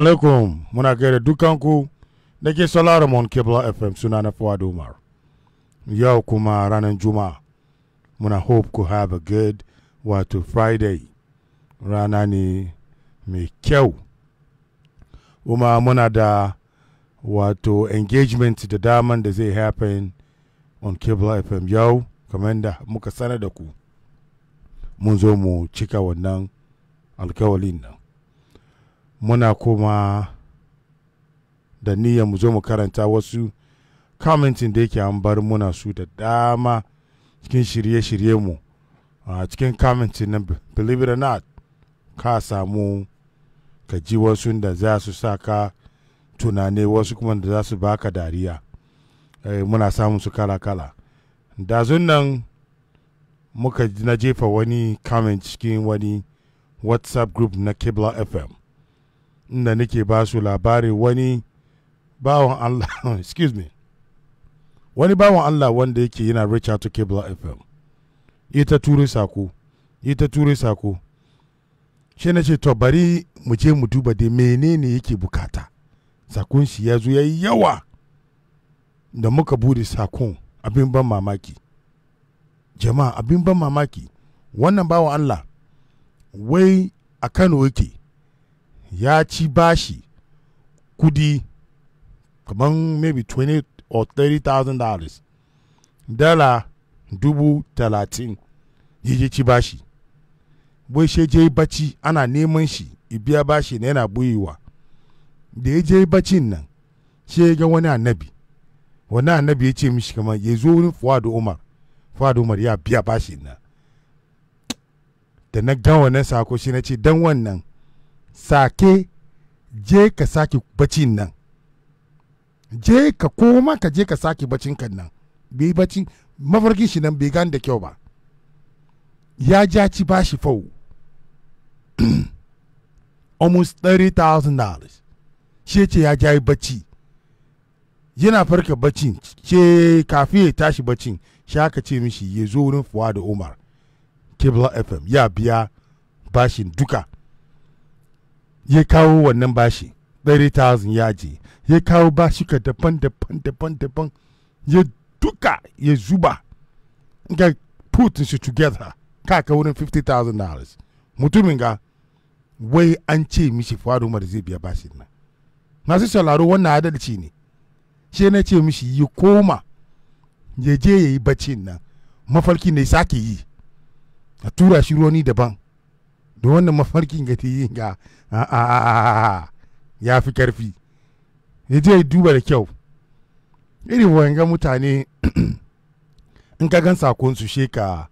alaikum muna gaida dukanku da ke sauraron fm suna na fawad umar yau kuma ranar juma'a muna hope ku have a good wato friday rana ne mai kyau kuma muna da wato engagement da daman da zai happen on kebla fm yau kamar da muka sanar da ku mun zo mu cika wannan alkawalin nan muna kuma da niyyar mu zo mu karanta wasu commenting da yake an bar muna su da dama cikin shirye-shirye mu a cikin commenting na believe it or not ka samu ka ji wasu da za su sa ka tunane wasu kuma da za su baka dariya eh, muna samun su kala-kala dazun nan muka na jefa wani comment cikin wani whatsapp group na kibla fm inda nake ba su labari wani bawan Allah excuse me wani bawan Allah wanda yake yana reach out to cable FM ita turi sako ita turi sako shi na ce to bari mu je mu duba dai menene yake bukata sakon shi ya zo yayi yawa da muka bude sakon abin ban mamaki jama'a abin ban mamaki wannan bawan Allah wai a Kano yake ya ci bashi kudi kamar maybe 20 or 30,000 dollars dala dubu talatin ya ci bashi bai she je bacci ana neman shi biya bashi na yana buyewa da ya je baccin nan she ga wani annabi wani annabi ya ce mishi kamar ya zo wani fuwadu umar fuwadu umar ya biya bashi na da na gan wannan sako shi na ce dan wannan sake je ka sake bacin nan je ka koma ka je ka sake bacin kan nan bai bacin mafarkin shi nan bai gane da kyau ba ya ja ci ba shi fau almost $30,000 shi ce ya ja bacci yana farka bacci ce kafin ya tashi baccin aka ce mishi ya zo wurin fuwa da umar kibla fm ya biya bashin duka ya kawo wannan bashi 30,000 ya je ya kawo bashika daban daban daban daban ya duka ya zuba ga putin shi together kaka wurin $50,000 mutumin ga wai an ce mishi faru mara zai biya bashin nan masu sauraro wannan adalci ne shi na ce mishi ya koma ya je ya yi baccin nan mafarki ne sake yi a tura shi ruwani daban da wannan mafarkin ga ta yi ga ya fi karfi ya je duba da kyau irin wanga mutane in ka gan sakon su sheka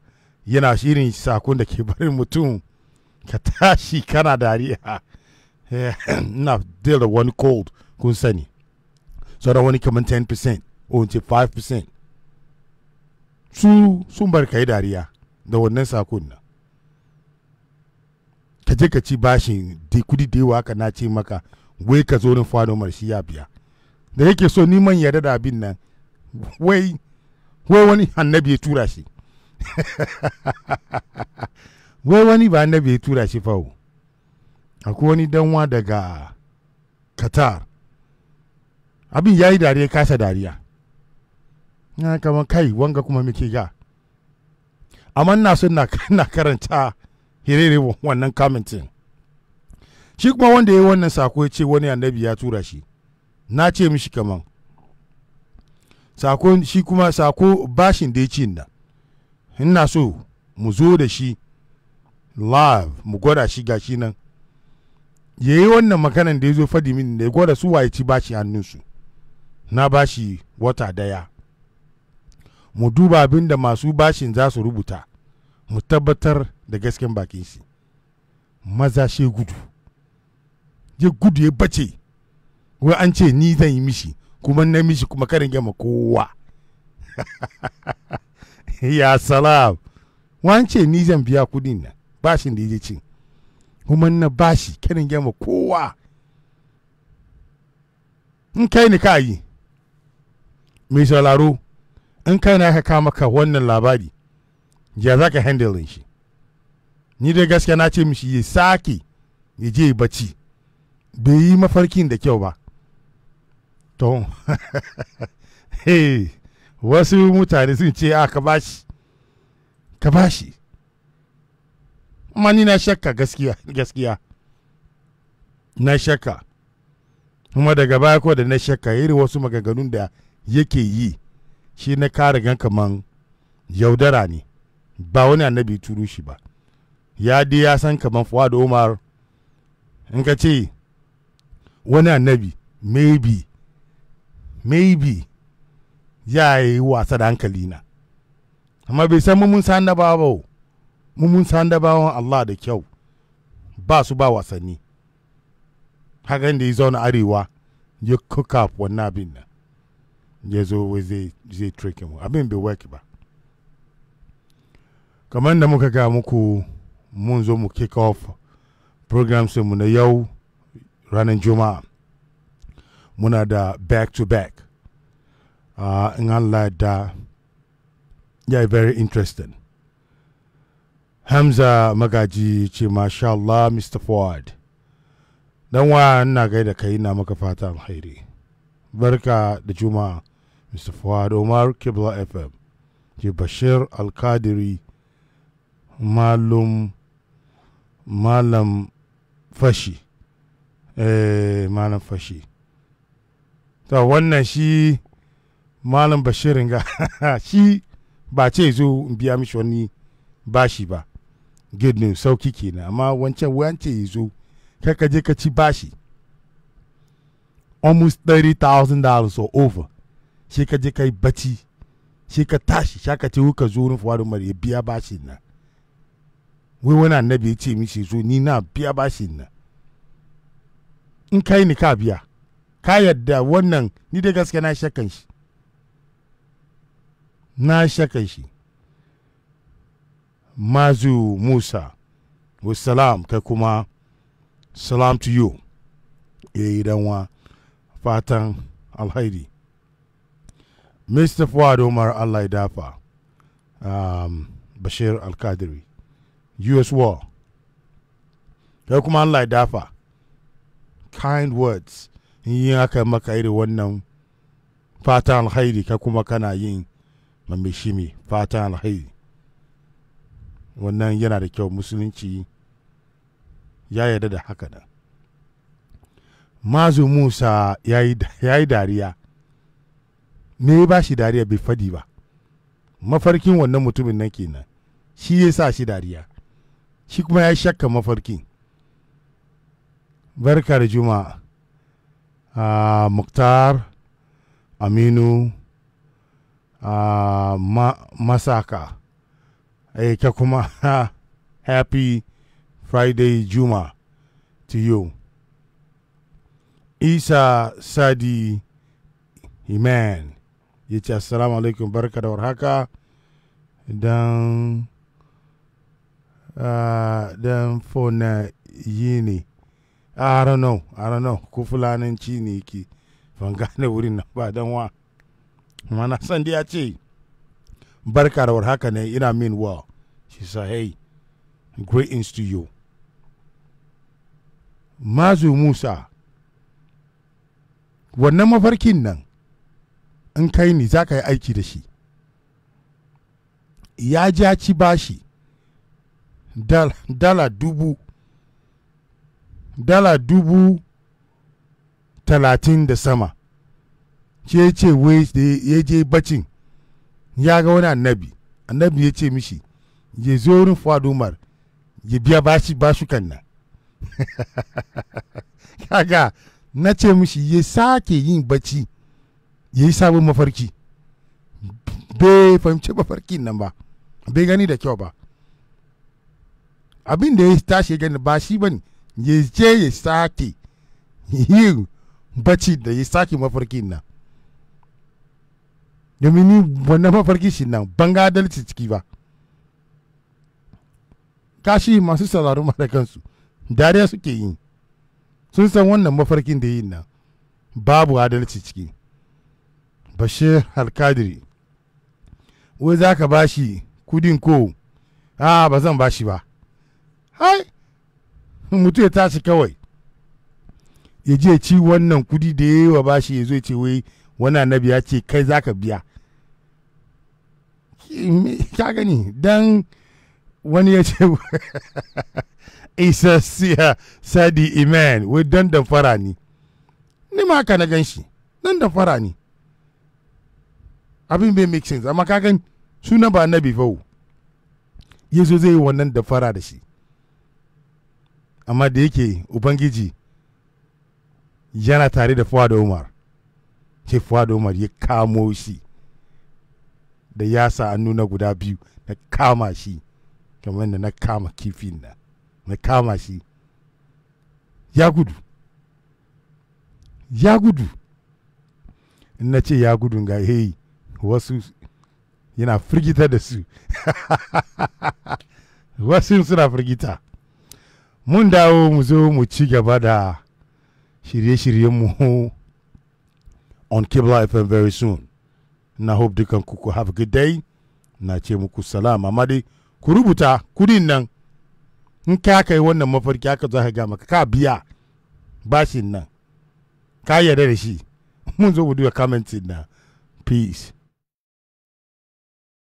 yana shirin sakon da ke barin mutum ka tashi kana dariya eh, na deal da wani cold kun sani sauran wani kamar 10% o 5% su sun bar yi dariya da wannan sakon na. ka je ka ci bashin da kudi da yawa ka na ce maka wai ka zo ni fano mar shi ya biya da yake so ni man yarda da abin nan wai wai wani annabi ya tura shi wai wani ba annabi ya tura shi fawo akwai wani danwa daga qatar abin ya yi dariya kasa dariya na kama kai wanga kuma muke ga amma na so na karanta hirere wannan commenting shi kuma wanda ya yi wannan sako ya ce wani annabi ya tura shi na ce mishi kaman sako shi kuma sako bashin da ya ce na ina so mu zo da shi live mu gwada shi gashi nan ya yi wannan makanan da ya zo fadi min da ya gwada su waye ci bashi hannunsu na bashi wata daya mu duba abinda masu bashin za su rubuta mu tabbatar da gasken bakin shi maza shi gudu ya gudu ya bace wai an ce ni zan yi mishi kuma na mishi kuma karin gama kowa ya salam wani ce ni zan biya kudin na bashin da ya cin kuma na bashi karin gama kowa in kai ni ka yi mai sauraro in kai na ka maka wannan labari ya za ka handling shi ni dai gaskiya na ce mishi ya sake ya je bacci bai yi mafarkin da kyau ba to hey, wasu mutane sun ce a ah, ka bashi ka bashi amma ni na shakka gaskiya gaskiya na shakka kuma daga baya ko da na shakka irin wasu maganganun da yake yi shi na kare gan kaman yaudara ne ba wani annabi turu shi ba ya dai ya san kamar fuad umar in ka ce wani annabi maybe maybe ya yi wasa da hankali na amma bai san mun san da ba mun san da bawon Allah da kyau ba su ba wasanni hakan da ya zauna arewa ya cook up wannan abin nan ya zo zai trikin abin bai work ba kamar da muka ga muku mun zo mu kick off program mu na yau ranar juma'a muna da back to back a ah, in Allah da ya yi very interesting hamza magaji ce masha Allah mr ford don wa ina gaida kai na maka fata alkhairi barka da juma'a mr ford omar kibla fm ke bashir alkadiri malum malam fashi eh malam fashi to wannan shi malam bashirin ga shi ba ce zo in biya mishi wani bashi ba good news sauki kenan amma wancan wance ya zo kaka je ka ci bashi almost thirty thousand dollars or over shi ka je ka yi bacci shi ka tashi sha ka ce ka zo wurin fuwa mara ya biya bashi na wai náà annabi ya ce ṣe so ni na biya bashin nan in kai ni ka biya ka yadda wannan ni da gaske na shakan shi na shakan shi mazu musa salam ka kuma salam to you eh, dan danwa fatan alhaidi mr fuad umar allah ya dafa um, bashir alkadiri US war kai kuma Allah ya dafa kind words in yi aka maka irin wannan fatan alhairi ka kuma kana yin mamishimi fatan alhairi wannan yana da kyau musulunci ya yarda da haka nan mazu musa ya yi dariya me ba shi dariya bai fadi ba mafarkin wannan mutumin nan kenan shi ya sa shi dariya shi kuma ya shakka mafarki barka da juma'a a ah, muktar aminu ah, a masaka eh, ka kuma happy friday juma to you isa sadi iman ya ce assalamu alaikum barka da warhaka don uh, dan fona yi ne ah, i don't know i don't know ku fulananci ne ki ban gane wurin nan ba dan wa mana san ya ce barka da haka ne ina mean well she said hey greetings to you mazu musa wannan mafarkin nan in kai ni za ka yi aiki da shi ya ja ci bashi dala dubu dala dubu talatin da sama shi ya ce wai ya je bacin ya ga wani annabi annabi ya ce mishi ya zo wurin fuad umar ya biya bashi bashukan nan kaga na ce mishi ya sake yin bacci ya yi sabon mafarki bai fahimci mafarkin nan ba bai gani da kyau ba abin da ya tashi gani ba shi bane ya je ya sake yin bacci da ya sake mafarkin nan domin ni wannan mafarki shi nan ban adalci ciki ba kashi masu sauraro mara kansu dariya suke yi sun san wannan mafarkin da yi nan babu adalci ciki bashir alkadiri wai za ka ba shi kudin ko a ba zan ba shi ba ai mutu ya tashi kawai ya je ci wannan kudi da ya yi wa bashi ya zo ce wai wani annabi ya ce kai za ka biya ka gani don wani ya ce isa siya sadi iman wai don da fara ni ni ma haka na gan shi don da fara ni abin bai make sense amma ka gani suna ba annabi fa ya zo zai yi wannan da fara da shi amma da yake ubangiji yana tare da fuwa da umar ce fuwa da umar ya kamo shi da ya sa an nuna guda biyu na kama shi kamar da na kama kifin na na kama shi ya gudu ya gudu in na ce ya gudu ga hey wasu yana firgita da su wasu suna firgita mun dawo mu zo mu ci gaba da shirye-shiryenmu on Kibla FM very soon. Na hope dukan ku have a good day. Na ce muku salam amma dai ku rubuta kudin nan in ka kai wannan mafarki aka za ka ga maka ka biya bashin nan ka yarda da shi mun zo mu duba commenting na peace